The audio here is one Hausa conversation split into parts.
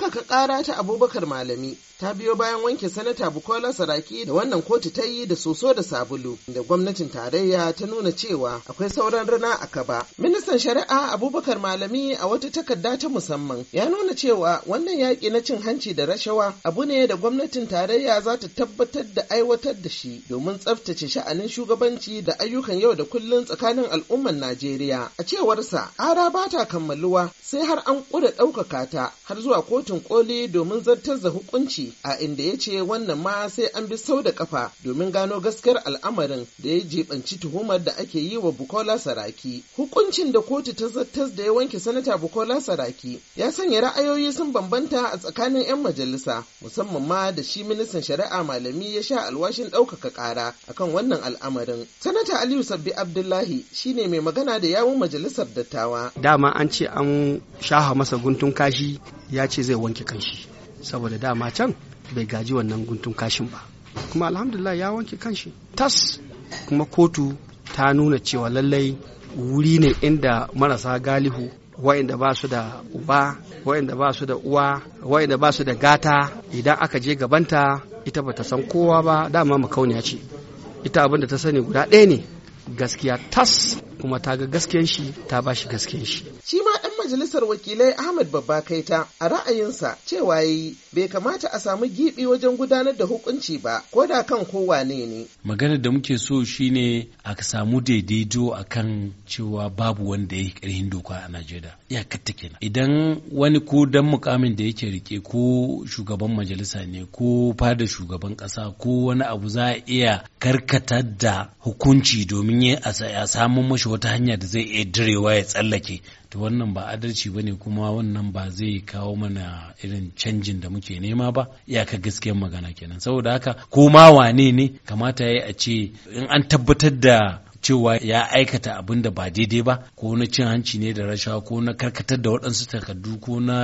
ɗaukaka ƙara ta abubakar malami ta biyo bayan wanke sanata bukola saraki da wannan kotu ta yi da soso da sabulu da gwamnatin tarayya ta nuna cewa akwai sauran rana a kaba ministan shari'a abubakar malami a wata takarda ta musamman ya nuna cewa wannan yaƙi na cin hanci da rashawa abu ne da gwamnatin tarayya za ta tabbatar da aiwatar da shi domin tsaftace sha'anin shugabanci da ayyukan yau da kullum tsakanin al'ummar najeriya a cewarsa Ara ba ta kammaluwa sai har an ƙura ɗaukaka ta har zuwa kotu kotun koli domin zartar da hukunci a inda ya ce wannan ma sai an bi sau da kafa domin gano gaskiyar al'amarin da ya jibanci tuhumar da ake yi wa Bukola Saraki. Hukuncin da kotu ta zartar da ya wanke sanata Bukola Saraki ya sanya ra'ayoyi sun bambanta a tsakanin 'yan majalisa musamman ma da shi ministan shari'a malami ya sha alwashin ɗaukaka ƙara akan wannan al'amarin. Sanata Aliyu Sabbi Abdullahi shine mai magana da yawun majalisar dattawa. Dama an ce an shaha masa guntun kashi ya ce zai wanke kanshi saboda dama can bai gaji wannan guntun kashin ba kuma alhamdulillah ya wanke kanshi tas kuma kotu ta nuna cewa lallai wuri ne inda marasa galihu wa'inda ba su da uba wa'inda ba su da uwa wa'inda ba su da gata idan aka je gabanta ita ba ta san kowa ba dama makauniya ce ita abin da ta sani guda ɗaya ne gaskiya tas kuma ta ga gaskiyan shi ta ba shi gaskiyan shi. Shi ma majalisar wakilai Ahmed Babba Kaita a ra'ayinsa cewa yi bai kamata a samu gibi wajen gudanar da hukunci ba ko da kan kowa ne ne. Maganar da muke so shine a samu daidaito a kan cewa babu wanda ya yi doka a Najeriya. Iyakar ta kenan. Idan wani ko dan mukamin da yake rike ko shugaban majalisa ne ko fada shugaban ƙasa ko wani abu za a iya karkatar da hukunci domin ya samu mashi wata hanya da zai iya direwa ya tsallake. To wannan ba adalci bane kuma wannan ba zai kawo mana irin canjin da muke nema ba ya ka gaskiyar magana kenan saboda haka ko ma wane ne kamata ya a ce in an tabbatar da cewa ya aikata abin da ba daidai ba ko na cin hanci ne da rasha ko na karkatar da waɗansu takardu ko na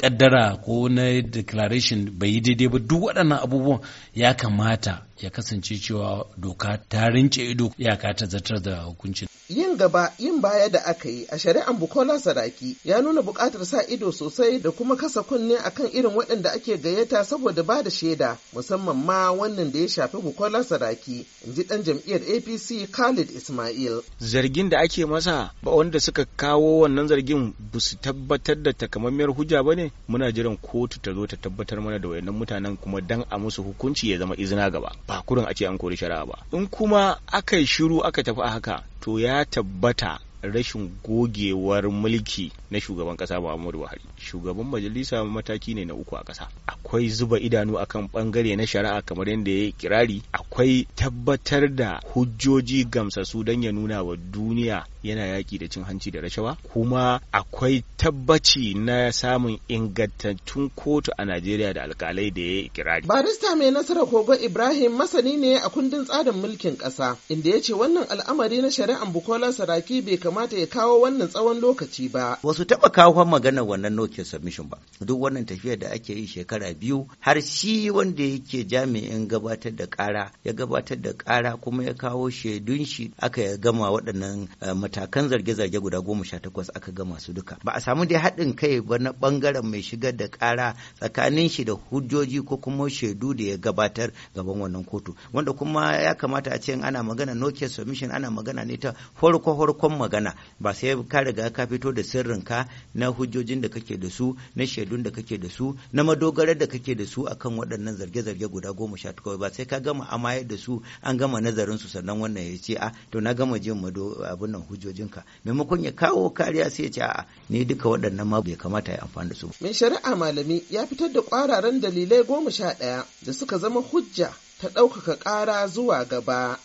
kaddara ko na declaration bai yi daidai ba duk waɗannan abubuwan ya kamata ya kasance cewa doka ta rince ido iyaka ta zartar da hukuncin. Yin gaba yin baya da aka yi a shari'an Bukola Saraki ya nuna bukatar sa ido sosai da kuma kasa kunne akan irin waɗanda ake gayyata saboda ba da shaida musamman ma wannan da ya shafi Bukola Saraki in ji ɗan jam'iyyar APC Khalid Ismail. Zargin da ake masa ba wanda suka kawo wannan zargin ba su tabbatar da takamammiyar hujja ba ne muna jiran kotu ta zo ta tabbatar mana da wayannan mutanen kuma dan a musu hukunci ya zama izina gaba. ba kurin a ce an kori shari'a ba in kuma aka yi shiru aka tafi a haka to ya tabbata rashin gogewar mulki na shugaban kasa Muhammadu Buhari. Shugaban majalisa mataki ne na uku a kasa. Akwai zuba idanu akan bangare na shari'a kamar yadda ya yi kirari, akwai tabbatar da hujjoji gamsasu don ya nuna wa duniya yana yaƙi da cin hanci da rashawa kuma akwai tabbaci na samun ingantattun kotu a Najeriya da alkalai da ya kirari. Barista mai nasara Kogon Ibrahim masani ne a kundin tsarin mulkin ƙasa inda ya ce wannan al'amari na shari'an Bukola Saraki bai kamata ya kawo wannan tsawon lokaci ba. Wasu taɓa kawo magana wannan nokin submission ba. Duk wannan tafiyar da ake yi shekara biyu har shi wanda yake jami'in gabatar da ƙara ya gabatar da ƙara kuma ya kawo shaidun shi aka gama waɗannan eh, matakan zarge-zarge guda goma sha takwas aka gama su duka ba a samu dai haɗin kai ba na ɓangaren mai shigar da ƙara tsakanin shi da hujjoji ko kuma shaidu da ya gabatar gaban wannan kotu wanda kuma ya kamata a ce ana magana noke submission ana magana ne ta farko-farkon magana ba sai ka riga ka fito da sirrin ka na hujjojin da kake da su na shaidun da kake da su na madogarar da kake da su akan waɗannan zarge-zarge guda goma sha takwas ba sai ka gama amma bayar da su an gama nazarin su sannan wannan ya ce a ah, to na gama jin mado abin nan hujjojinka maimakon ya kawo kariya sai ya ce a ah, ni duka waɗannan ma bai kamata ya amfani da su mai shari'a malami ya fitar da kwararen dalilai goma sha ɗaya da suka zama hujja ta ɗaukaka ƙara zuwa gaba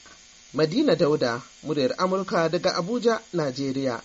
madina dauda muryar amurka daga abuja najeriya